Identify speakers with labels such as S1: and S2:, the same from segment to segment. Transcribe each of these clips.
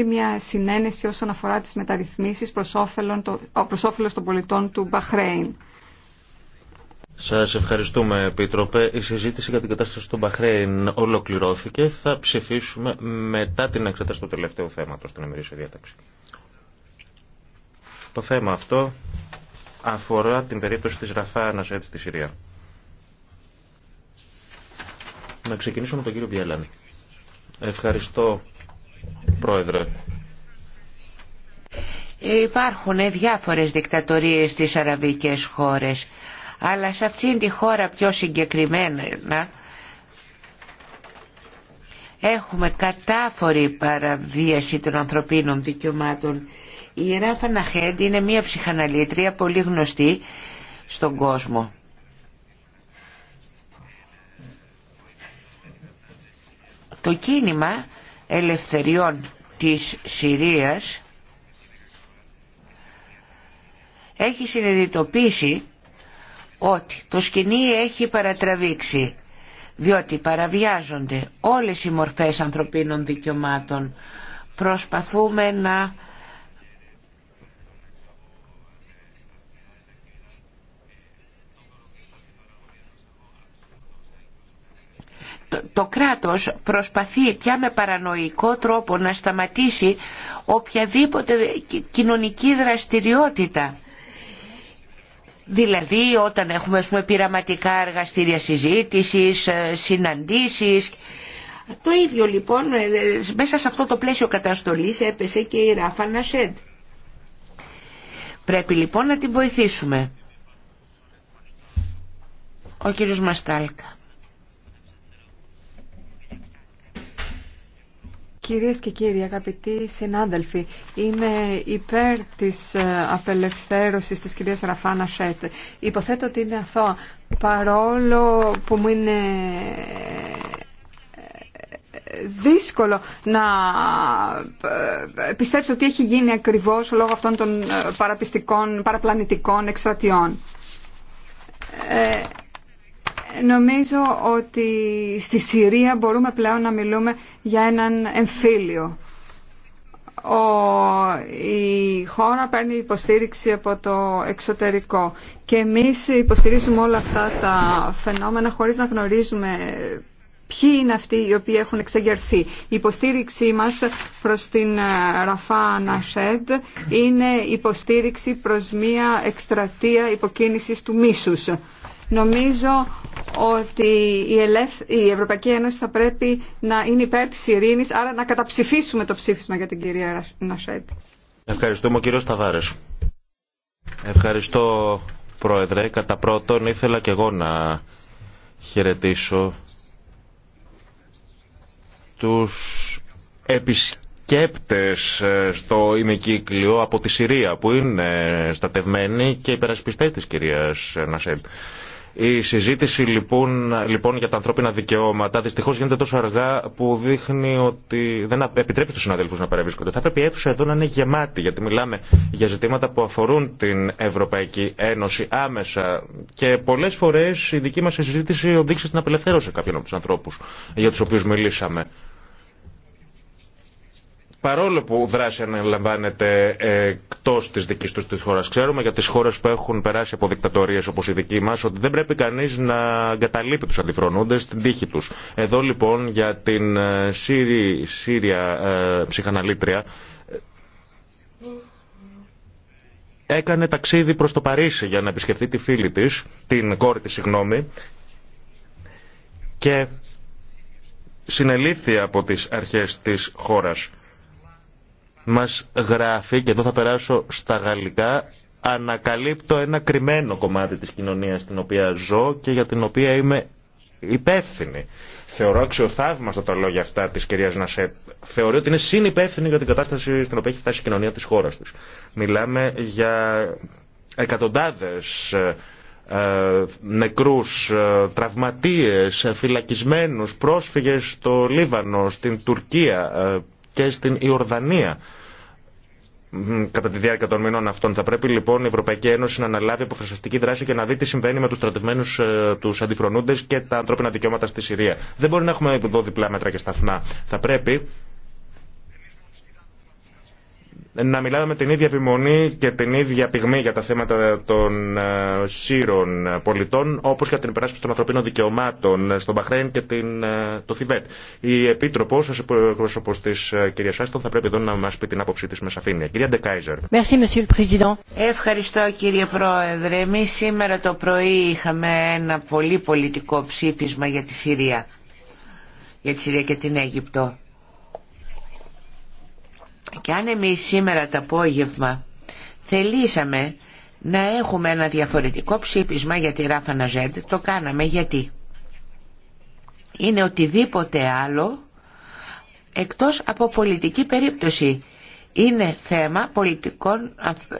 S1: επιτευχθεί μια συνένεση όσον αφορά τις μεταρρυθμίσεις προς όφελος των πολιτών του Μπαχρέιν.
S2: Σας ευχαριστούμε, Επίτροπε. Η συζήτηση για την κατάσταση του Μπαχρέιν ολοκληρώθηκε. Θα ψηφίσουμε μετά την εξέταση του τελευταίου θέματος στην ημερήσια διάταξη. Το θέμα αυτό αφορά την περίπτωση τη Ραφά έτσι στη Συρία. Να ξεκινήσουμε με τον κύριο Μπιέλανη. Ευχαριστώ,
S3: Υπάρχουν διάφορες δικτατορίες στις αραβικές χώρες, αλλά σε αυτήν τη χώρα πιο συγκεκριμένα έχουμε κατάφορη παραβίαση των ανθρωπίνων δικαιωμάτων. Η Ράφα Ναχέντ είναι μια ψυχαναλήτρια πολύ γνωστή στον κόσμο. Το κίνημα ελευθεριών της Συρίας έχει συνειδητοποιήσει ότι το σκηνή έχει παρατραβήξει διότι παραβιάζονται όλες οι μορφές ανθρωπίνων δικαιωμάτων. Προσπαθούμε να το κράτος προσπαθεί πια με παρανοϊκό τρόπο να σταματήσει οποιαδήποτε κοινωνική δραστηριότητα. Δηλαδή όταν έχουμε πούμε, πειραματικά εργαστήρια συζήτησης, ε, συναντήσεις. Το ίδιο λοιπόν ε, ε, μέσα σε αυτό το πλαίσιο καταστολής έπεσε και η Ράφα Νασέντ. Πρέπει λοιπόν να την βοηθήσουμε. Ο κύριος Μαστάλκα.
S1: Κυρίες και κύριοι, αγαπητοί συνάδελφοι, είμαι υπέρ της ε, απελευθέρωσης της κυρίας Ραφάνα Σέτ. Υποθέτω ότι είναι αθώα, παρόλο που μου είναι ε, δύσκολο να ε, πιστέψω τι έχει γίνει ακριβώς λόγω αυτών των παραπιστικών, παραπλανητικών εκστρατιών. Νομίζω ότι στη Συρία μπορούμε πλέον να μιλούμε για έναν εμφύλιο. Ο, η χώρα παίρνει υποστήριξη από το εξωτερικό και εμείς υποστηρίζουμε όλα αυτά τα φαινόμενα χωρίς να γνωρίζουμε ποιοι είναι αυτοί οι οποίοι έχουν εξεγερθεί. Η υποστήριξή μας προς την ε, Ραφά Νασέντ είναι υποστήριξη προς μια εκστρατεία υποκίνησης του μίσους. Νομίζω ότι η Ευρωπαϊκή Ένωση θα πρέπει να είναι υπέρ της ειρήνης, άρα να καταψηφίσουμε το ψήφισμα για την κυρία Νασέτ.
S2: Ευχαριστούμε, κύριο Σταβάρες. Ευχαριστώ, Πρόεδρε. Κατά πρώτον, ήθελα και εγώ να χαιρετήσω τους επισκέπτες ε, στο ημικύκλιο από τη Συρία που είναι στατευμένοι και υπερασπιστές της κυρίας Νασέντ. Η συζήτηση λοιπόν, λοιπόν για τα ανθρώπινα δικαιώματα δυστυχώ γίνεται τόσο αργά που δείχνει ότι δεν επιτρέπει στου συναδέλφου να παρευρίσκονται. Θα πρέπει η αίθουσα εδώ να είναι γεμάτη, γιατί μιλάμε για ζητήματα που αφορούν την Ευρωπαϊκή Ένωση άμεσα και πολλέ φορέ η δική μα συζήτηση οδήγησε στην απελευθέρωση κάποιων από του ανθρώπου για του οποίου μιλήσαμε παρόλο που δράση αναλαμβάνεται εκτό τη δική του τη χώρα. Ξέρουμε για τι χώρε που έχουν περάσει από δικτατορίε όπω η δική μα ότι δεν πρέπει κανεί να εγκαταλείπει του αντιφρονούντε στην τύχη του. Εδώ λοιπόν για την ε, Σύρι, Σύρια ε, ψυχαναλήτρια ε, έκανε ταξίδι προς το Παρίσι για να επισκεφτεί τη φίλη της, την κόρη της συγγνώμη, και συνελήφθη από τις αρχές της χώρας μας γράφει, και εδώ θα περάσω στα γαλλικά, ανακαλύπτω ένα κρυμμένο κομμάτι της κοινωνίας στην οποία ζω και για την οποία είμαι υπεύθυνη. Θεωρώ αξιοθαύμαστα τα λόγια αυτά τη κυρία Νασέτ. Θεωρώ ότι είναι συνυπεύθυνη για την κατάσταση στην οποία έχει φτάσει η κοινωνία τη χώρα τη. Μιλάμε για εκατοντάδε ε, ε, νεκρούς, ε, τραυματίες, ε, φυλακισμένους, πρόσφυγες στο Λίβανο, στην Τουρκία και στην Ιορδανία κατά τη διάρκεια των μηνών αυτών. Θα πρέπει λοιπόν η Ευρωπαϊκή Ένωση να αναλάβει αποφασιστική δράση και να δει τι συμβαίνει με του στρατευμένου ε, του αντιφρονούντε και τα ανθρώπινα δικαιώματα στη Συρία. Δεν μπορεί να έχουμε εδώ διπλά μέτρα και σταθμά. Θα πρέπει να μιλάμε με την ίδια επιμονή και την ίδια πυγμή για τα θέματα των ε, σύρων πολιτών, όπως για την υπεράσπιση των ανθρωπίνων δικαιωμάτων στον Μπαχρέν και την, ε, το Θιβέτ. Η επίτροπο, ως εκπρόσωπος της ε, κυρίας Άστον, θα πρέπει εδώ να μας πει την άποψή της με σαφήνεια. Κυρία Ντεκάιζερ.
S3: Ευχαριστώ κύριε Πρόεδρε. Εμείς σήμερα το πρωί είχαμε ένα πολύ πολιτικό ψήφισμα για τη Συρία. Για τη Συρία και την Αίγυπτο και αν εμείς σήμερα το απόγευμα θελήσαμε να έχουμε ένα διαφορετικό ψήφισμα για τη Ράφα Ναζέντ, το κάναμε γιατί είναι οτιδήποτε άλλο εκτός από πολιτική περίπτωση. Είναι θέμα πολιτικών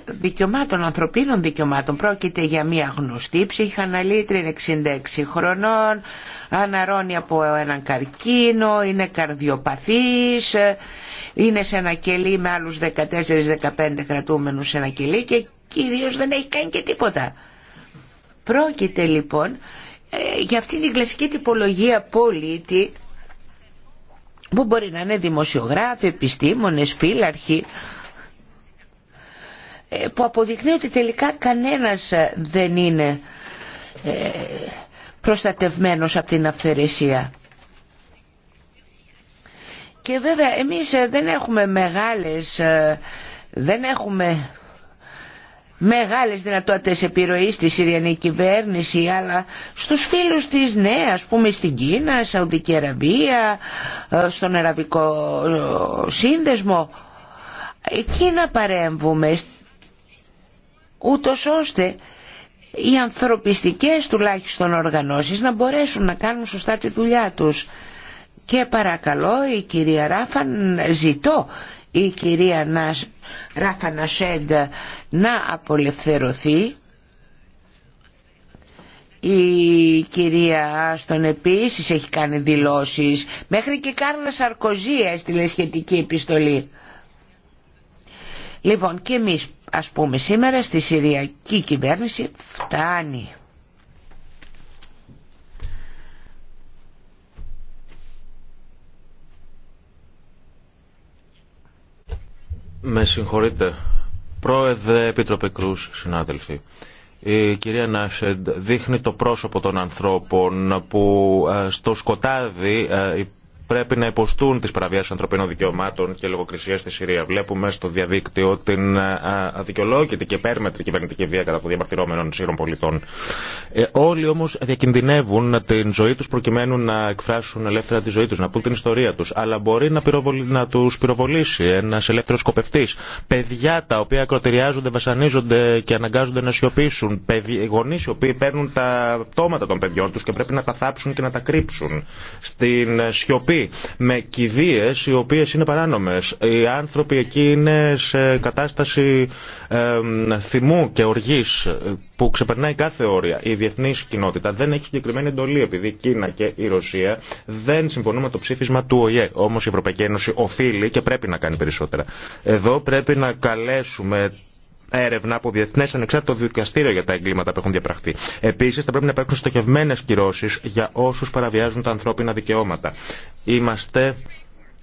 S3: δικαιωμάτων, ανθρωπίνων δικαιωμάτων. Πρόκειται για μια γνωστή ψυχαναλήτρια, 66 χρονών, αναρώνει από έναν καρκίνο, είναι καρδιοπαθής, είναι σε ένα κελί με άλλους 14-15 κρατούμενους σε ένα κελί και κυρίως δεν έχει κάνει και τίποτα. Πρόκειται λοιπόν ε, για αυτήν την κλασική τυπολογία πολίτη που μπορεί να είναι δημοσιογράφοι, επιστήμονες, φύλαρχοι ε, που αποδεικνύει ότι τελικά κανένας ε, δεν είναι προστατευμένος από την αυθαιρεσία. Και βέβαια εμείς ε, δεν έχουμε μεγάλες, ε, δεν έχουμε μεγάλες δυνατότητες επιρροής στη Συριανή κυβέρνηση αλλά στους φίλους της ναι ας πούμε στην Κίνα, Σαουδική Αραβία, ε, στον Αραβικό Σύνδεσμο εκεί να παρέμβουμε ούτως ώστε οι ανθρωπιστικές τουλάχιστον οργανώσεις να μπορέσουν να κάνουν σωστά τη δουλειά τους. Και παρακαλώ η κυρία Ράφαν, ζητώ η κυρία Ράφα Νασέντ να απολευθερωθεί. Η κυρία Άστον επίσης έχει κάνει δηλώσεις. Μέχρι και Κάρλα Σαρκοζία έστειλε σχετική επιστολή. Λοιπόν, και εμείς ας πούμε σήμερα στη Συριακή κυβέρνηση φτάνει.
S2: Με συγχωρείτε. Πρόεδρε, Επίτροπε Κρούς, συνάδελφοι. Η κυρία Νάσεντ δείχνει το πρόσωπο των ανθρώπων που ε, στο σκοτάδι ε, πρέπει να υποστούν τις παραβιάσεις ανθρωπίνων δικαιωμάτων και λογοκρισία στη Συρία. Βλέπουμε στο διαδίκτυο την αδικαιολόγητη και πέρμετρη κυβερνητική βία κατά των διαμαρτυρόμενων Σύρων πολιτών. Ε, όλοι όμως διακινδυνεύουν την ζωή τους προκειμένου να εκφράσουν ελεύθερα τη ζωή τους, να πούν την ιστορία τους. Αλλά μπορεί να, πυροβολ... να τους πυροβολήσει ένας ελεύθερος σκοπευτής. Παιδιά τα οποία ακροτηριάζονται, βασανίζονται και αναγκάζονται να σιωπήσουν. Παιδι... οι οποίοι παίρνουν τα πτώματα των παιδιών τους και πρέπει να τα θάψουν και να τα κρύψουν. Στην σιωπή με κηδείες οι οποίες είναι παράνομες. Οι άνθρωποι εκεί είναι σε κατάσταση θυμού και οργής που ξεπερνάει κάθε όρια. Η διεθνή κοινότητα δεν έχει συγκεκριμένη εντολή επειδή η Κίνα και η Ρωσία δεν συμφωνούν με το ψήφισμα του ΟΗΕ. Όμω η Ευρωπαϊκή Ένωση οφείλει και πρέπει να κάνει περισσότερα. Εδώ πρέπει να καλέσουμε έρευνα από διεθνέ ανεξάρτητο δικαστήριο για τα εγκλήματα που έχουν διαπραχθεί. Επίση, θα πρέπει να υπάρξουν στοχευμένε κυρώσει για όσου παραβιάζουν τα ανθρώπινα δικαιώματα. Είμαστε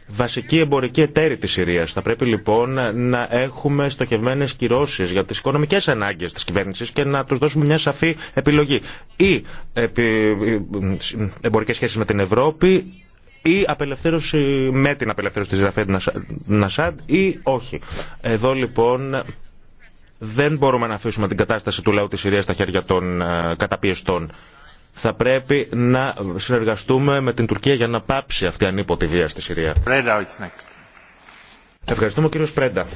S2: βασική εμπορική εταίρη τη Συρία. Θα πρέπει λοιπόν να έχουμε στοχευμένε κυρώσει για τι οικονομικέ ανάγκε τη κυβέρνηση και να του δώσουμε μια σαφή επιλογή. Ή ε, εμπορικέ σχέσει με την Ευρώπη ή απελευθέρωση με την απελευθέρωση της Ραφέντ Νασάντ ή όχι. Εδώ λοιπόν δεν μπορούμε να αφήσουμε την κατάσταση του λαού της Συρίας στα χέρια των ε, καταπιεστών. Θα πρέπει να συνεργαστούμε με την Τουρκία για να πάψει αυτή η ανίποτη βία στη Συρία. Ναι. Ευχαριστούμε κύριο Πρέντα.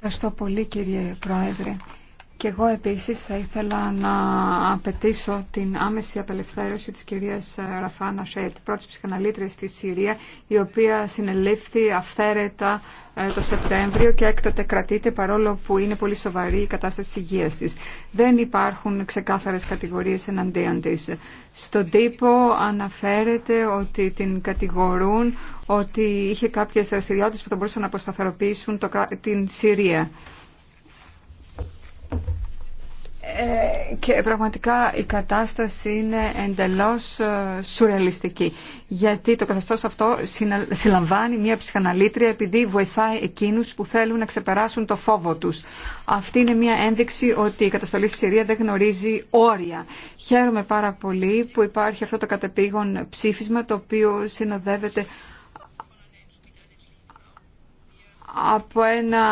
S2: Ευχαριστώ
S1: πολύ κύριε Πρόεδρε. Και εγώ επίσης θα ήθελα να απαιτήσω την άμεση απελευθέρωση της κυρίας Ραφάνα Σέιτ, πρώτης ψυχαναλήτριας στη Συρία, η οποία συνελήφθη αυθαίρετα ε, το Σεπτέμβριο και έκτοτε κρατείται παρόλο που είναι πολύ σοβαρή η κατάσταση της υγείας της. Δεν υπάρχουν ξεκάθαρες κατηγορίες εναντίον της. Στον τύπο αναφέρεται ότι την κατηγορούν ότι είχε κάποιες δραστηριότητες που θα μπορούσαν να αποσταθεροποιήσουν την Συρία. Ε, και πραγματικά η κατάσταση είναι εντελώς ε, σουρεαλιστική γιατί το καθεστώς αυτό συλλαμβάνει μια ψυχαναλήτρια επειδή βοηθάει εκείνους που θέλουν να ξεπεράσουν το φόβο τους. Αυτή είναι μια ένδειξη ότι η καταστολή στη Συρία δεν γνωρίζει όρια. Χαίρομαι πάρα πολύ που υπάρχει αυτό το κατεπήγον ψήφισμα το οποίο συνοδεύεται από ένα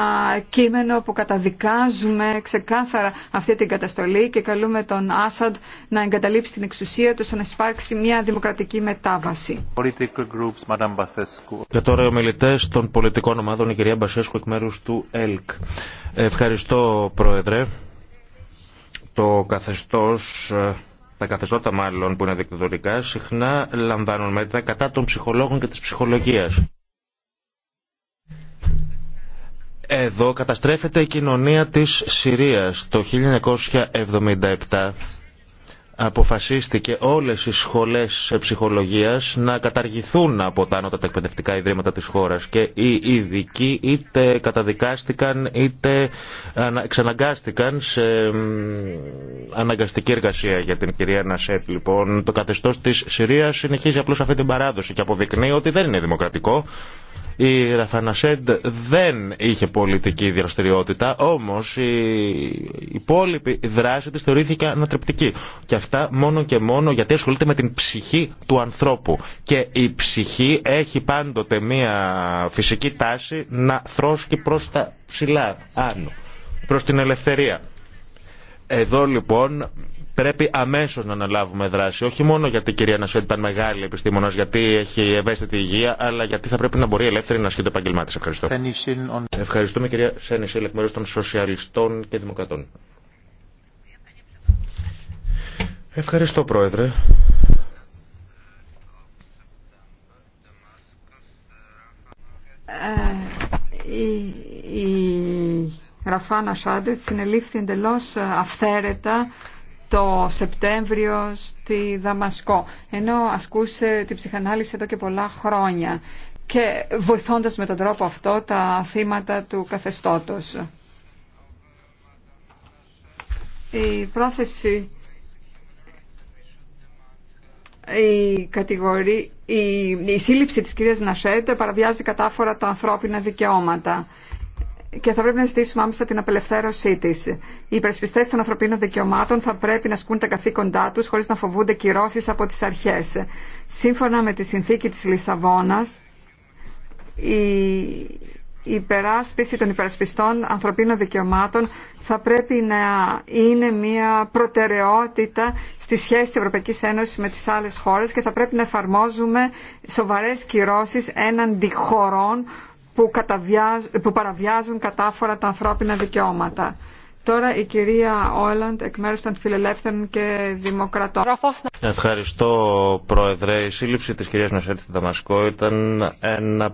S1: κείμενο που καταδικάζουμε ξεκάθαρα αυτή την καταστολή και καλούμε τον Άσαντ να εγκαταλείψει την εξουσία του να σπάρξει μια δημοκρατική μετάβαση.
S2: Και τώρα οι ομιλητέ των πολιτικών ομάδων, η κυρία Μπασέσκου εκ μέρου του ΕΛΚ. Ευχαριστώ, Πρόεδρε. Το καθεστώς τα καθεστώτα μάλλον που είναι δικτατορικά συχνά λαμβάνουν μέτρα κατά των ψυχολόγων και της ψυχολογίας. Εδώ καταστρέφεται η κοινωνία της Συρίας. Το 1977 αποφασίστηκε όλες οι σχολές ψυχολογίας να καταργηθούν από τα ανώτατα εκπαιδευτικά ιδρύματα της χώρας και οι ειδικοί είτε καταδικάστηκαν είτε ξαναγκάστηκαν σε αναγκαστική εργασία για την κυρία Νασέτ. Λοιπόν, το καθεστώς της Συρίας συνεχίζει απλώς αυτή την παράδοση και αποδεικνύει ότι δεν είναι δημοκρατικό η Ραφανασέντ δεν είχε πολιτική δραστηριότητα, όμως η υπόλοιπη δράση της θεωρήθηκε ανατρεπτική. Και αυτά μόνο και μόνο γιατί ασχολείται με την ψυχή του ανθρώπου. Και η ψυχή έχει πάντοτε μία φυσική τάση να θρώσκει προς τα ψηλά, άνω, προς την ελευθερία. Εδώ λοιπόν Πρέπει αμέσω να αναλάβουμε δράση. Όχι μόνο γιατί η κυρία Νασιώτη ήταν μεγάλη επιστήμονα, γιατί έχει ευαίσθητη υγεία, αλλά γιατί θα πρέπει να μπορεί ελεύθερη να ασκεί το επαγγελμά τη. Ευχαριστώ. Ευχαριστούμε κυρία Σένισελ εκ μέρου των Σοσιαλιστών και Δημοκρατών. Ευχαριστώ πρόεδρε.
S1: Ε, η, η Ραφάνα Σάντετ συνελήφθη εντελώ αυθαίρετα το Σεπτέμβριο στη Δαμασκό, ενώ ασκούσε την ψυχανάλυση εδώ και πολλά χρόνια και βοηθώντας με τον τρόπο αυτό τα θύματα του καθεστώτος. Η πρόθεση, η, κατηγορή, η, η σύλληψη της κυρίας Νασέτ παραβιάζει κατάφορα τα ανθρώπινα δικαιώματα και θα πρέπει να ζητήσουμε άμεσα την απελευθέρωσή τη. Οι υπερασπιστέ των ανθρωπίνων δικαιωμάτων θα πρέπει να ασκούν τα καθήκοντά του χωρί να φοβούνται κυρώσει από τι αρχέ. Σύμφωνα με τη συνθήκη τη Λισαβόνα, η υπεράσπιση των υπερασπιστών ανθρωπίνων δικαιωμάτων θα πρέπει να είναι μια προτεραιότητα στη σχέση της Ευρωπαϊκής Ένωσης με τις άλλες χώρες και θα πρέπει να εφαρμόζουμε σοβαρές κυρώσεις έναντι χωρών που, που παραβιάζουν κατάφορα τα ανθρώπινα δικαιώματα. Τώρα η κυρία Όλαντ εκ μέρους των Φιλελεύθερων και Δημοκρατών.
S2: Ευχαριστώ Πρόεδρε. Η σύλληψη της κυρίας Νασέτη στη Δαμασκό ήταν ένα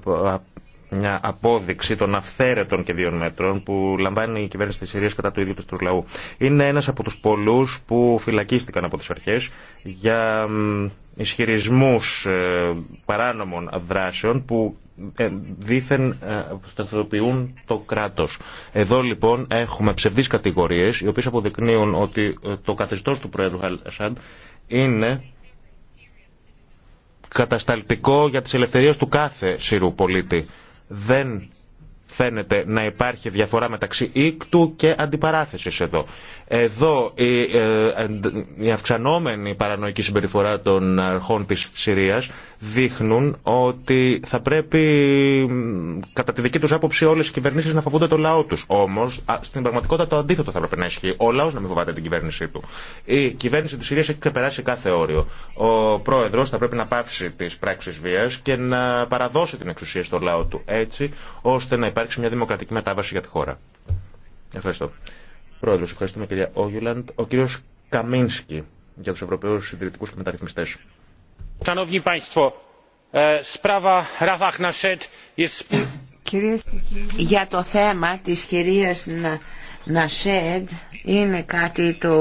S2: μια απόδειξη των αυθαίρετων και δύο μέτρων που λαμβάνει η κυβέρνηση της Συρίας κατά του ίδιου του λαού. Είναι ένας από τους πολλούς που φυλακίστηκαν από τις αρχές για ισχυρισμού ε, παράνομων δράσεων που ε, δήθεν ε, σταθεροποιούν το κράτος. Εδώ λοιπόν έχουμε ψευδείς κατηγορίες οι οποίες αποδεικνύουν ότι το καθεστώ του Πρόεδρου Χαλσάν είναι κατασταλτικό για τις ελευθερίες του κάθε Σύρου πολίτη δεν φαίνεται να υπάρχει διαφορά μεταξύ ίκτου και αντιπαράθεσης εδώ. Εδώ η, ε, η αυξανόμενη παρανοϊκή συμπεριφορά των αρχών της Συρίας δείχνουν ότι θα πρέπει κατά τη δική τους άποψη όλες οι κυβερνήσεις να φοβούνται το λαό τους. Όμως στην πραγματικότητα το αντίθετο θα πρέπει να ισχύει. Ο λαός να μην φοβάται την κυβέρνησή του. Η κυβέρνηση της Συρίας έχει ξεπεράσει κάθε όριο. Ο πρόεδρος θα πρέπει να πάυσει τις πράξεις βίας και να παραδώσει την εξουσία στο λαό του έτσι ώστε να υπάρξει μια δημοκρατική μετάβαση για τη χώρα. Ευχαριστώ. Πρόεδρος, ευχαριστούμε κυρία Όγιουλαντ. Ο κύριος Καμίνσκι για τους Ευρωπαίους Συντηρητικούς και Μεταρρυθμιστές. E,
S3: για το θέμα της κυρίας Νασέντ είναι κάτι το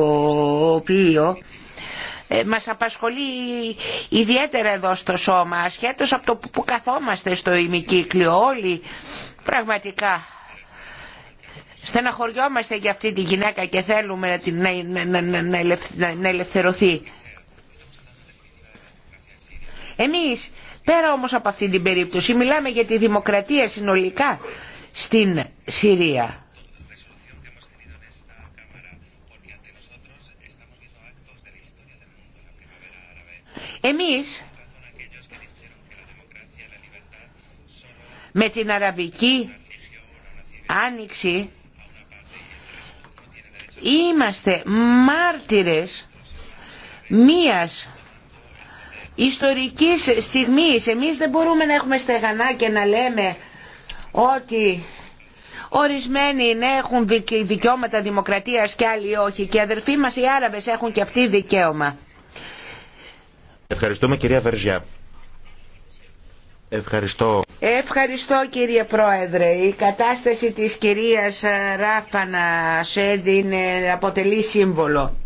S3: οποίο ε, μας απασχολεί ιδιαίτερα εδώ στο σώμα ασχέτως από το που καθόμαστε στο ημικύκλιο όλοι πραγματικά στεναχωριόμαστε για αυτή τη γυναίκα και θέλουμε να, ελευθερωθεί. Εμείς πέρα όμως από αυτή την περίπτωση μιλάμε για τη δημοκρατία συνολικά στην Συρία. Εμείς με την αραβική άνοιξη είμαστε μάρτυρες μίας ιστορικής στιγμής. Εμείς δεν μπορούμε να έχουμε στεγανά και να λέμε ότι ορισμένοι ναι, έχουν δικαιώματα δημοκρατίας και άλλοι όχι και οι αδερφοί μας οι Άραβες έχουν και αυτοί δικαίωμα.
S2: Ευχαριστούμε κυρία Βερζιά. Ευχαριστώ.
S3: Ευχαριστώ κύριε Πρόεδρε. Η κατάσταση της κυρίας Ράφανα Σέντ αποτελεί σύμβολο.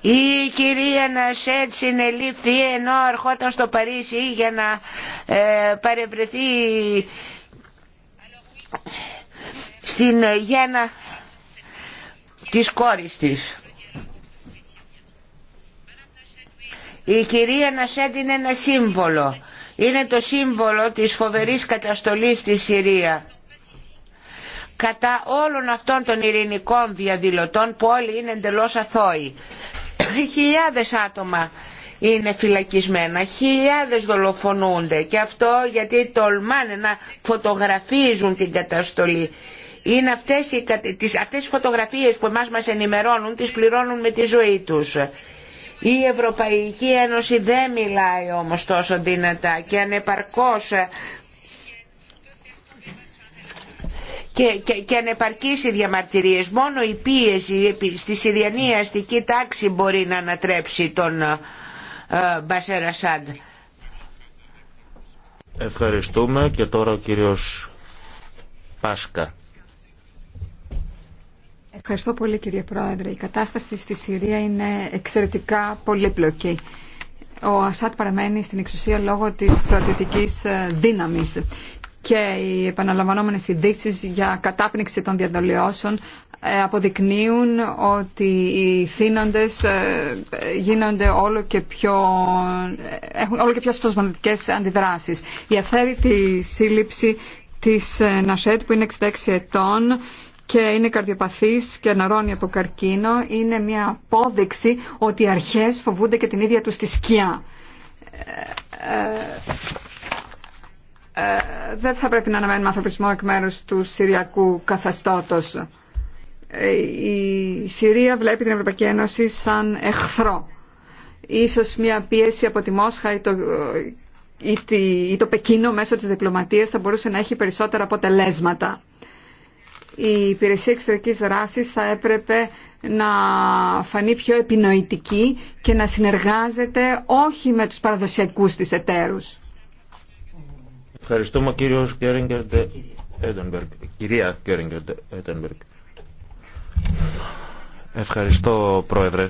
S3: Η κυρία Νασέτ συνελήφθη ενώ ερχόταν στο Παρίσι για να ε, παρευρεθεί στην γέννα της κόρης της. Η κυρία Νασέντ είναι ένα σύμβολο. Είναι το σύμβολο της φοβερής καταστολής στη Συρία. Κατά όλων αυτών των ειρηνικών διαδηλωτών που όλοι είναι εντελώς αθώοι. Χιλιάδες άτομα είναι φυλακισμένα, χιλιάδες δολοφονούνται και αυτό γιατί τολμάνε να φωτογραφίζουν την καταστολή. Είναι αυτές οι, αυτές οι φωτογραφίες που εμάς μας ενημερώνουν, τις πληρώνουν με τη ζωή τους. Η Ευρωπαϊκή Ένωση δεν μιλάει όμως τόσο δυνατά και ανεπαρκώς ε, και, και, και ανεπαρκείς οι διαμαρτυρίες. Μόνο η πίεση στη Συριανή αστική τάξη μπορεί να ανατρέψει τον ε, Μπασέρα Σάντ.
S2: Ευχαριστούμε και τώρα ο κύριος Πάσκα.
S1: Ευχαριστώ πολύ κύριε Πρόεδρε. Η κατάσταση στη Συρία είναι εξαιρετικά πολύπλοκη. Ο Ασάτ παραμένει στην εξουσία λόγω της στρατιωτικής ε, δύναμης και οι επαναλαμβανόμενες ειδήσει για κατάπνιξη των διαδολιώσεων ε, αποδεικνύουν ότι οι θύνοντες ε, γίνονται όλο και πιο, έχουν όλο και πιο σπασματικές αντιδράσεις. Η αυθαίρετη σύλληψη της Νασέτ που είναι 66 ετών και είναι καρδιοπαθής και αναρώνει από καρκίνο είναι μια απόδειξη ότι οι αρχές φοβούνται και την ίδια τους τη σκιά. Ε, ε, ε δεν θα πρέπει να αναμένουμε ανθρωπισμό εκ μέρους του Συριακού καθεστώτος. Ε, η Συρία βλέπει την Ευρωπαϊκή Ένωση σαν εχθρό. Ίσως μια πίεση από τη Μόσχα ή το, ή το Πεκίνο μέσω της διπλωματίας θα μπορούσε να έχει περισσότερα αποτελέσματα η υπηρεσία εξωτερική δράση θα έπρεπε να φανεί πιο επινοητική και να συνεργάζεται όχι με τους παραδοσιακούς της εταίρους.
S2: Ευχαριστούμε κύριο Έντενμπεργκ. Κυρία Ευχαριστώ πρόεδρε.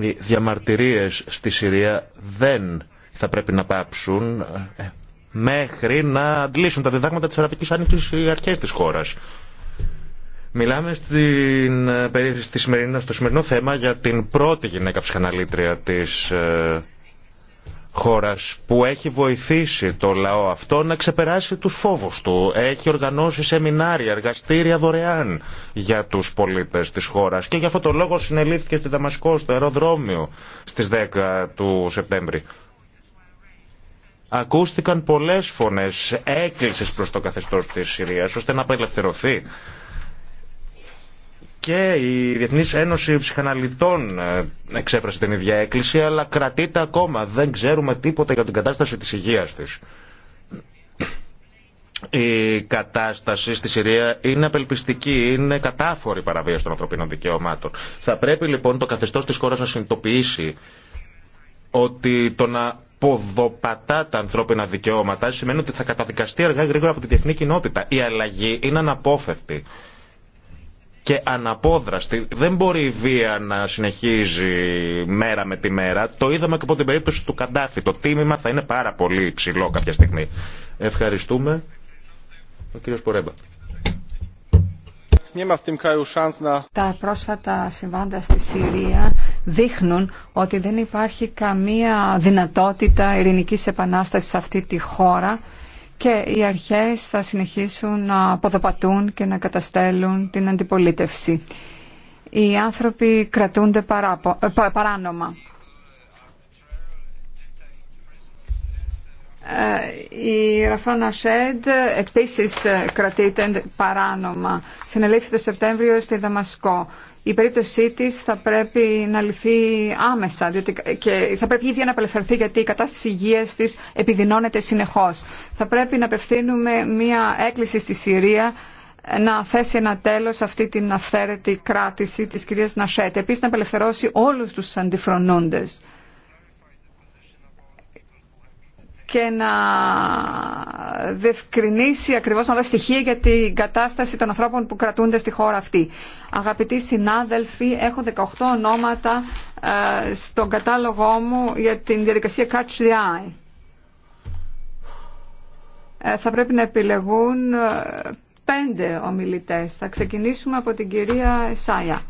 S2: Οι διαμαρτυρίες στη Συρία δεν θα πρέπει να πάψουν ε, μέχρι να αντλήσουν τα διδάγματα της Αραβικής Άνοιξης οι αρχές της χώρας. Μιλάμε στην, ε, στη σημερινή, στο σημερινό θέμα για την πρώτη γυναίκα ψυχαναλήτρια της ε, χώρας που έχει βοηθήσει το λαό αυτό να ξεπεράσει τους φόβους του. Έχει οργανώσει σεμινάρια, εργαστήρια δωρεάν για τους πολίτες της χώρας και για αυτό το λόγο συνελήφθηκε στη Δαμασκό, στο αεροδρόμιο στις 10 του Σεπτέμβρη. Ακούστηκαν πολλές φωνές έκκλησης προς το καθεστώς της Συρίας ώστε να απελευθερωθεί. Και η Διεθνής Ένωση Ψυχαναλυτών ε, εξέφρασε την ίδια έκκληση, αλλά κρατείται ακόμα. Δεν ξέρουμε τίποτα για την κατάσταση της υγείας της. Η κατάσταση στη Συρία είναι απελπιστική, είναι κατάφορη παραβίαση των ανθρωπίνων δικαιωμάτων. Θα πρέπει λοιπόν το καθεστώς της χώρας να συνειδητοποιήσει ότι το να ποδοπατά τα ανθρώπινα δικαιώματα σημαίνει ότι θα καταδικαστεί αργά γρήγορα από την διεθνή κοινότητα. Η αλλαγή είναι αναπόφευτη και αναπόδραστη. Δεν μπορεί η βία να συνεχίζει μέρα με τη μέρα. Το είδαμε και από την περίπτωση του Καντάφη. Το τίμημα θα είναι πάρα πολύ ψηλό κάποια στιγμή. Ευχαριστούμε. Ο κύριος Πορέμπα.
S1: Τα πρόσφατα συμβάντα στη Συρία δείχνουν ότι δεν υπάρχει καμία δυνατότητα ειρηνικής επανάστασης σε αυτή τη χώρα και οι αρχές θα συνεχίσουν να αποδοπατούν και να καταστέλουν την αντιπολίτευση. Οι άνθρωποι κρατούνται ε, παράνομα. Ε, η Ραφάνα Σέντ επίσης κρατείται παράνομα. Συνελήφθη το Σεπτέμβριο στη Δαμασκό η περίπτωσή τη θα πρέπει να λυθεί άμεσα διότι και θα πρέπει ήδη να απελευθερωθεί γιατί η κατάσταση υγεία της επιδεινώνεται συνεχώς. Θα πρέπει να απευθύνουμε μία έκκληση στη Συρία να θέσει ένα τέλος αυτή την αυθαίρετη κράτηση της κυρίας Νασέτ. Επίση, να απελευθερώσει όλους τους αντιφρονούντε. και να δευκρινίσει ακριβώς να δώσει στοιχεία για την κατάσταση των ανθρώπων που κρατούνται στη χώρα αυτή. Αγαπητοί συνάδελφοι, έχω 18 ονόματα ε, στον κατάλογό μου για την διαδικασία Catch the Eye. Ε, θα πρέπει να επιλεγούν ε, πέντε ομιλητές. Θα ξεκινήσουμε από την κυρία Σάια.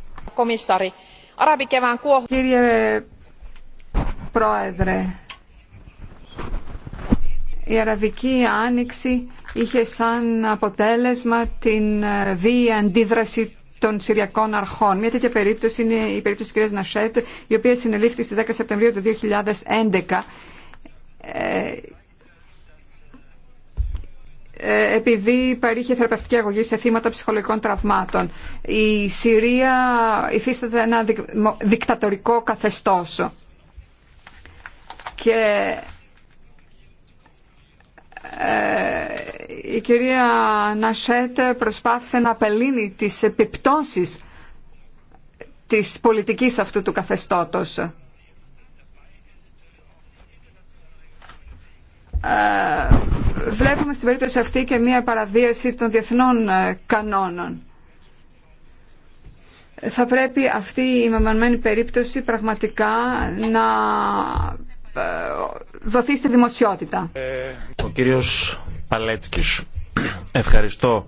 S1: Κύριε Πρόεδρε, η Αραβική Άνοιξη είχε σαν αποτέλεσμα την ε, βία αντίδραση των Συριακών Αρχών. Μια τέτοια περίπτωση είναι η περίπτωση της κυρίας Νασέτ, η οποία συνελήφθη στις 10 Σεπτεμβρίου του 2011 ε, ε, επειδή παρήχε θεραπευτική αγωγή σε θύματα ψυχολογικών τραυμάτων. Η Συρία υφίσταται ένα δικτατορικό καθεστώς. Και ε, η κυρία Νασέτ προσπάθησε να απελύνει τις επιπτώσεις της πολιτικής αυτού του καθεστώτος. Ε, βλέπουμε στην περίπτωση αυτή και μία παραβίαση των διεθνών ε, κανόνων. Θα πρέπει αυτή η μεμονωμένη περίπτωση πραγματικά να δοθεί στη δημοσιότητα.
S2: Ο κύριος Παλέτσκης. Ευχαριστώ,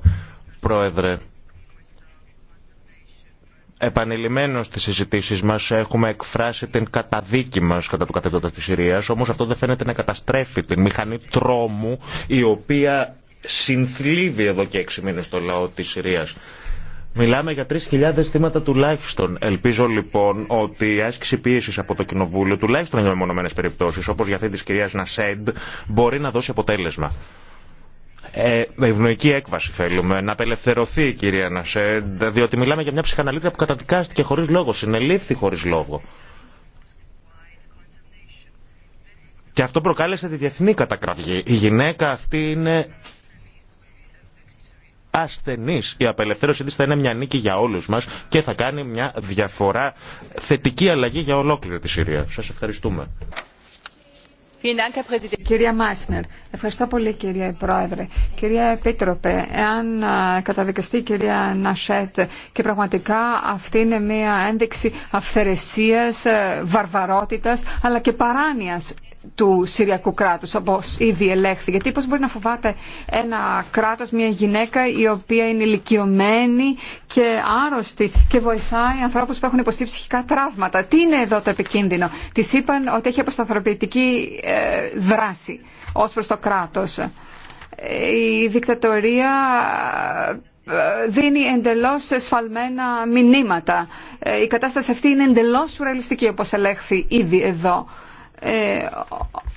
S2: Πρόεδρε. Επανειλημμένως στις συζητήσεις μας έχουμε εκφράσει την καταδίκη μας κατά του καθεστώτα της Συρίας, όμως αυτό δεν φαίνεται να καταστρέφει την μηχανή τρόμου η οποία συνθλίβει εδώ και έξι μήνες το λαό της Συρίας. Μιλάμε για 3.000 θύματα τουλάχιστον. Ελπίζω λοιπόν ότι η άσκηση πίεση από το Κοινοβούλιο, τουλάχιστον για μεμονωμένε περιπτώσει, όπω για αυτή τη κυρία Νασέντ, μπορεί να δώσει αποτέλεσμα. Ε, ευνοϊκή έκβαση θέλουμε. Να απελευθερωθεί η κυρία Νασέντ, διότι μιλάμε για μια ψυχαναλήτρια που καταδικάστηκε χωρί λόγο, συνελήφθη χωρί λόγο. Και αυτό προκάλεσε τη διεθνή κατακραυγή. Η γυναίκα αυτή είναι ασθενεί. Η απελευθέρωση τη θα είναι μια νίκη για όλου μα και θα κάνει μια διαφορά θετική αλλαγή για ολόκληρη τη Συρία. Σα ευχαριστούμε.
S1: Κυρία Μάισνερ, ευχαριστώ πολύ κύριε Πρόεδρε. Κυρία Επίτροπε, εάν καταδικαστεί η κυρία Νασέτ και πραγματικά αυτή είναι μια ένδειξη αυθαιρεσίας, ε, βαρβαρότητας αλλά και παράνοιας του Συριακού κράτους, όπω ήδη ελέγχθη. Γιατί πώς μπορεί να φοβάται ένα κράτος, μια γυναίκα η οποία είναι ηλικιωμένη και άρρωστη και βοηθάει ανθρώπους που έχουν υποστεί ψυχικά τραύματα. Τι είναι εδώ το επικίνδυνο. Τη είπαν ότι έχει αποσταθεροποιητική ε, δράση ως προς το κράτος. Ε, η δικτατορία ε, δίνει εντελώς εσφαλμένα μηνύματα. Η κατάσταση αυτή είναι εντελώς σουρεαλιστική όπως ελέγχθη ήδη εδώ. Ε,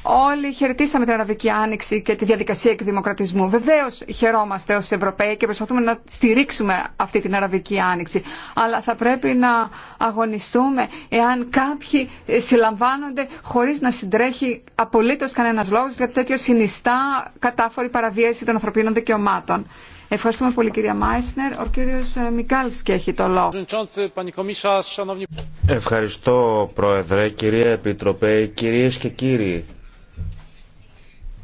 S1: όλοι χαιρετήσαμε την Αραβική Άνοιξη και τη διαδικασία εκδημοκρατισμού. Βεβαίω χαιρόμαστε ω Ευρωπαίοι και προσπαθούμε να στηρίξουμε αυτή την Αραβική Άνοιξη. Αλλά θα πρέπει να αγωνιστούμε εάν κάποιοι συλλαμβάνονται χωρί να συντρέχει απολύτω κανένα λόγο γιατί τέτοιο συνιστά κατάφορη παραβίαση των ανθρωπίνων δικαιωμάτων. Ευχαριστούμε πολύ κυρία Μάισνερ. Ο κύριος ε, Μικάλσκι έχει το λόγο.
S2: Ευχαριστώ Πρόεδρε, κυρία Επιτροπέ, κυρίες και κύριοι.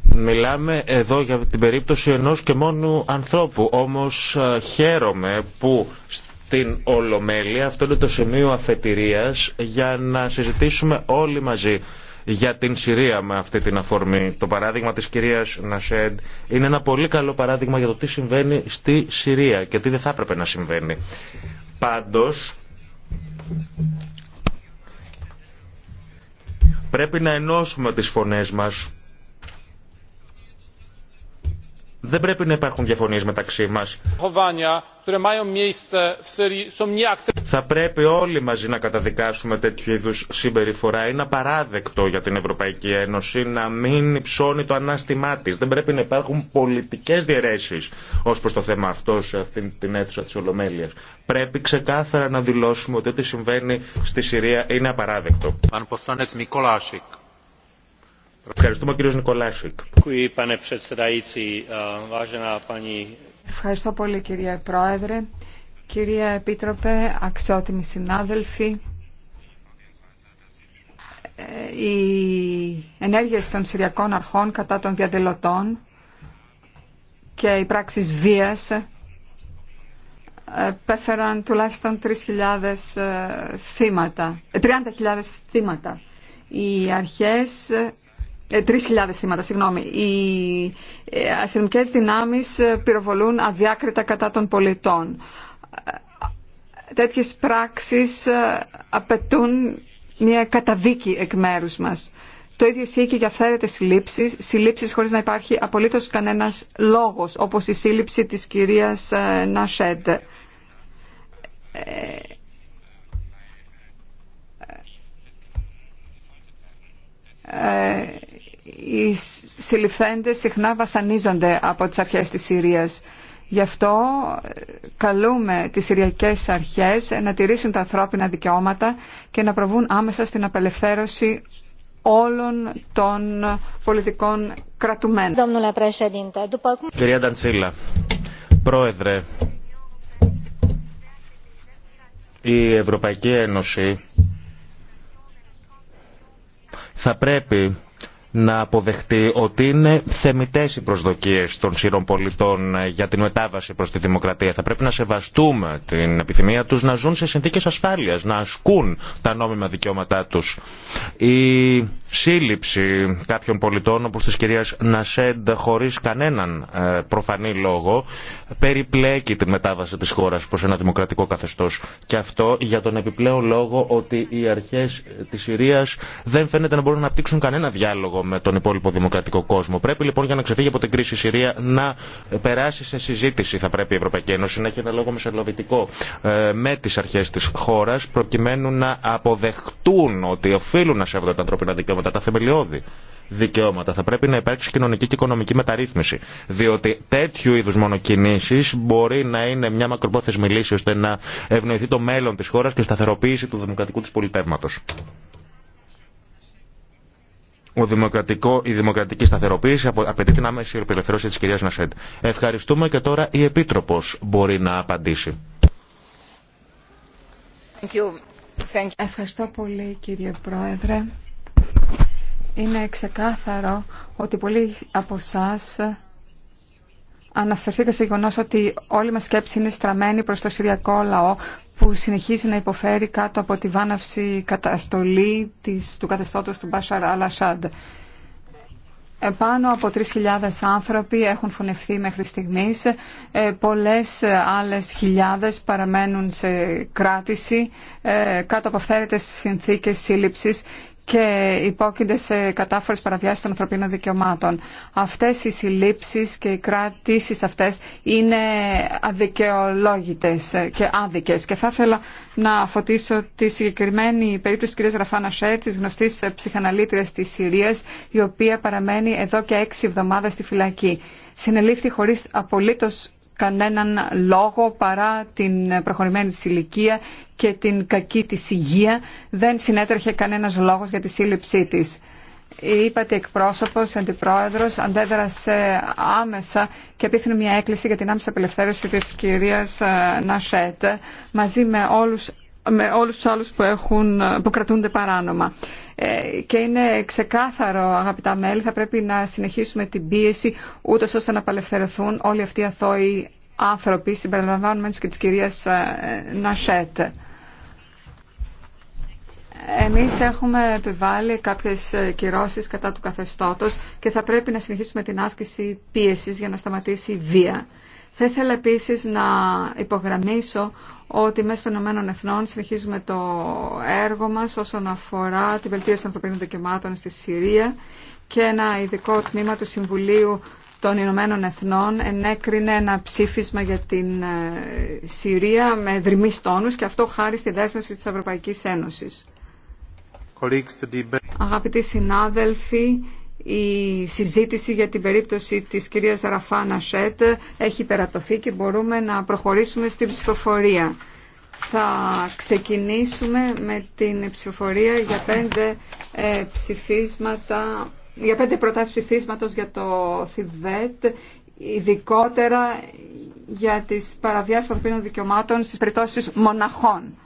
S2: Μιλάμε εδώ για την περίπτωση ενός και μόνου ανθρώπου, όμως ε, χαίρομαι που στην Ολομέλεια αυτό είναι το σημείο αφετηρίας για να συζητήσουμε όλοι μαζί για την Συρία με αυτή την αφορμή. Το παράδειγμα της κυρίας Νασέντ είναι ένα πολύ καλό παράδειγμα για το τι συμβαίνει στη Συρία και τι δεν θα έπρεπε να συμβαίνει. Πάντως, πρέπει να ενώσουμε τις φωνές μας Δεν πρέπει να υπάρχουν διαφωνίε μεταξύ μα. Θα πρέπει όλοι μαζί να καταδικάσουμε τέτοιου είδου συμπεριφορά. Είναι απαράδεκτο για την Ευρωπαϊκή Ένωση να μην ψώνει το ανάστημά τη. Δεν πρέπει να υπάρχουν πολιτικέ διαιρέσει ω προ το θέμα αυτό σε αυτήν την αίθουσα τη Ολομέλεια. Πρέπει ξεκάθαρα να δηλώσουμε ότι ό,τι συμβαίνει στη Συρία είναι απαράδεκτο. Ευχαριστούμε κύριο Νικολάσικ.
S1: Ευχαριστώ πολύ κύριε Πρόεδρε. Κυρία Επίτροπε, αξιότιμοι συνάδελφοι, ε, οι ενέργειες των Συριακών Αρχών κατά των διαδηλωτών και οι πράξεις βία ε, πέφεραν τουλάχιστον 3.000 ε, θύματα, 30.000 θύματα. Οι αρχές 3.000 ε, θύματα, συγγνώμη. Οι ε, αστυνομικέ δυνάμεις ε, πυροβολούν αδιάκριτα κατά των πολιτών. Τέτοιες πράξεις απαιτούν μια καταδίκη εκ μέρου μας. Το ίδιο ισχύει και για αυθαίρετε συλλήψει, συλλήψει χωρίς να υπάρχει απολύτως κανένας λόγος, όπως η σύλληψη της κυρίας Νασέντ οι συλληφθέντες συχνά βασανίζονται από τις αρχές της Συρίας. Γι' αυτό ε, καλούμε τις Συριακές αρχές να τηρήσουν τα ανθρώπινα δικαιώματα και να προβούν άμεσα στην απελευθέρωση όλων των πολιτικών κρατουμένων.
S2: Κυρία Νταντσίλα, Πρόεδρε, η Ευρωπαϊκή Ένωση θα πρέπει να αποδεχτεί ότι είναι θεμητές οι προσδοκίες των σύρων πολιτών για την μετάβαση προς τη δημοκρατία. Θα πρέπει να σεβαστούμε την επιθυμία τους να ζουν σε συνθήκες ασφάλειας, να ασκούν τα νόμιμα δικαιώματά τους. Η σύλληψη κάποιων πολιτών όπως της κυρίας Νασέντ χωρίς κανέναν ε, προφανή λόγο περιπλέκει την μετάβαση της χώρας προς ένα δημοκρατικό καθεστώς. Και αυτό για τον επιπλέον λόγο ότι οι αρχές της Συρίας δεν φαίνεται να μπορούν να απτύξουν κανένα διάλογο με τον υπόλοιπο δημοκρατικό κόσμο. Πρέπει λοιπόν για να ξεφύγει από την κρίση η Συρία να περάσει σε συζήτηση. Θα πρέπει η Ευρωπαϊκή Ένωση να έχει ένα λόγο μεσολαβητικό ε, με τι αρχέ τη χώρα προκειμένου να αποδεχτούν ότι οφείλουν να σέβονται τα ανθρώπινα δικαιώματα, τα θεμελιώδη δικαιώματα. Θα πρέπει να υπάρξει κοινωνική και οικονομική μεταρρύθμιση. Διότι τέτοιου είδου μονοκινήσει μπορεί να είναι μια μακροπρόθεσμη λύση ώστε να ευνοηθεί το μέλλον τη χώρα και σταθεροποίηση του δημοκρατικού τη πολιτεύματο. Ο δημοκρατικό, η δημοκρατική σταθεροποίηση απαιτεί την άμεση απελευθέρωση τη κυρία Νασέντ. Ευχαριστούμε και τώρα η Επίτροπο μπορεί να απαντήσει.
S1: Thank you. Ευχαριστώ πολύ κύριε Πρόεδρε. Είναι ξεκάθαρο ότι πολλοί από εσά αναφερθείτε στο γεγονό ότι όλη μα σκέψη είναι στραμμένη προ το Συριακό λαό που συνεχίζει να υποφέρει κάτω από τη βάναυση καταστολή του καθεστώτος του Μπάσαρ Αλασάντ. Επάνω από 3.000 άνθρωποι έχουν φωνευθεί μέχρι στιγμής. Ε, πολλές άλλες χιλιάδες παραμένουν σε κράτηση ε, κάτω από αυθαίρετες συνθήκες σύλληψης και υπόκεινται σε κατάφορες παραβιάσεις των ανθρωπίνων δικαιωμάτων. Αυτές οι συλλήψεις και οι κρατήσεις αυτές είναι αδικαιολόγητες και άδικες. Και θα ήθελα να φωτίσω τη συγκεκριμένη περίπτωση της κυρίας Ραφάνα Σέρ, της γνωστής ψυχαναλήτριας της Συρίας, η οποία παραμένει εδώ και έξι εβδομάδες στη φυλακή. Συνελήφθη χωρίς απολύτως κανέναν λόγο παρά την προχωρημένη της ηλικία και την κακή της υγεία. Δεν συνέτρεχε κανένας λόγος για τη σύλληψή της. Είπατε εκπρόσωπος, αντιπρόεδρος, αντέδρασε άμεσα και απίθυνε μια έκκληση για την άμεσα απελευθέρωση της κυρίας ε, Νασέτ μαζί με όλους, με όλους τους άλλους που, έχουν, που κρατούνται παράνομα. Ε, και είναι ξεκάθαρο αγαπητά μέλη θα πρέπει να συνεχίσουμε την πίεση ούτως ώστε να απελευθερωθούν όλοι αυτοί οι αθώοι άνθρωποι συμπεριλαμβάνομενες και της κυρίας ε, Νασέτ. Εμείς έχουμε επιβάλει κάποιες ε, κυρώσεις κατά του καθεστώτος και θα πρέπει να συνεχίσουμε την άσκηση πίεσης για να σταματήσει η βία. Θα ήθελα επίσης να υπογραμμίσω ότι μέσα των Ηνωμένων Εθνών συνεχίζουμε το έργο μας όσον αφορά την βελτίωση των ανθρωπίνων δικαιωμάτων στη Συρία και ένα ειδικό τμήμα του Συμβουλίου των Ηνωμένων Εθνών ενέκρινε ένα ψήφισμα για την ε, Συρία με δρυμμή τόνου και αυτό χάρη στη δέσμευση της Ευρωπαϊκής Ένωσης. Αγαπητοί συνάδελφοι, η συζήτηση για την περίπτωση της κυρίας Ραφάνα Σέτ έχει περατωθεί και μπορούμε να προχωρήσουμε στην ψηφοφορία. Θα ξεκινήσουμε με την ψηφοφορία για πέντε, ε, ψηφίσματα, για πέντε προτάσεις ψηφίσματος για το Θιβέτ, ειδικότερα για τις παραβιάσεις ανθρωπίνων δικαιωμάτων στις περιπτώσεις μοναχών.